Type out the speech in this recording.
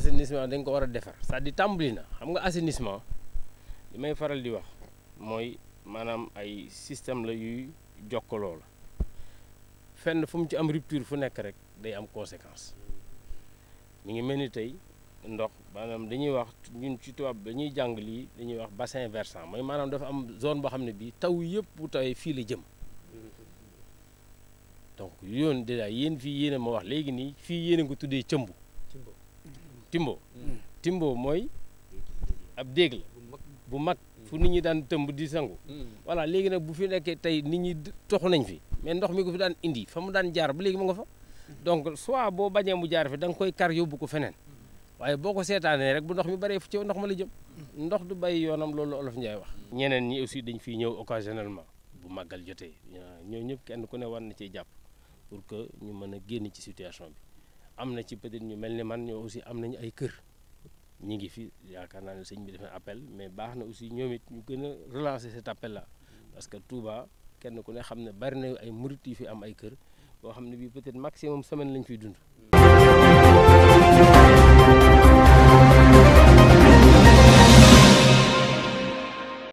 assainissement dañ ko war a defar cest di dire tàmbali na xam nga assainissement li may faral di wax mooy maanaam ay système la yuy jokkaloo la fenn fu mu ci am rupture fu nekk rek day am conséquence mu ngi mel ni tey ndox maanaam dañuy wax ñun ci tubaab dañuy jàng lii dañuy wax bassin versant mooy maanaam dafa am zone boo xam ne bii taw yëpp bu tawee fii la jëm donc yoon déjà yéen fii yéen a ma wax léegi nii fii yéen a ko tuddee cëmb timbo mm. timboo mooy ab déeg bu mag fu nit ñi daan tëmb di sangu mm. voilà léegi nag bu fi nekkee tey nit ñi toxu nañ fi mais ndox mi ko fi daan indi fa mu daan jaar bu léegi mu nga fa donc soit boo bañee mu jaar fi da nga koy kar yóbbu ko feneen waaye boo ko seetaanee rek bu ndox mi baree fu ci ndox ma la jëm ndox du bàyyi yoonam loolu olof Njaay wax ñeneen ñi aussi dañ fiy ñëw occasionnellement bu màggal jotee ñoo ñëpp kenn ku ne war na cee jàpp pour que ñu mën a génn ci situation bi am na ci peut-être ñu mel ni man ñoo aussi am nañu ay kër ñi ngi fi yaakaar naa ne sëñ bi defee appel mais baax na aussi ñoom it ñu gën a relancer cet appel là parce que Touba kenn ku ne xam ne bari na ay murit yi fi am ay kër boo xam ne bii peut-être maximum semaine lañ fiy dund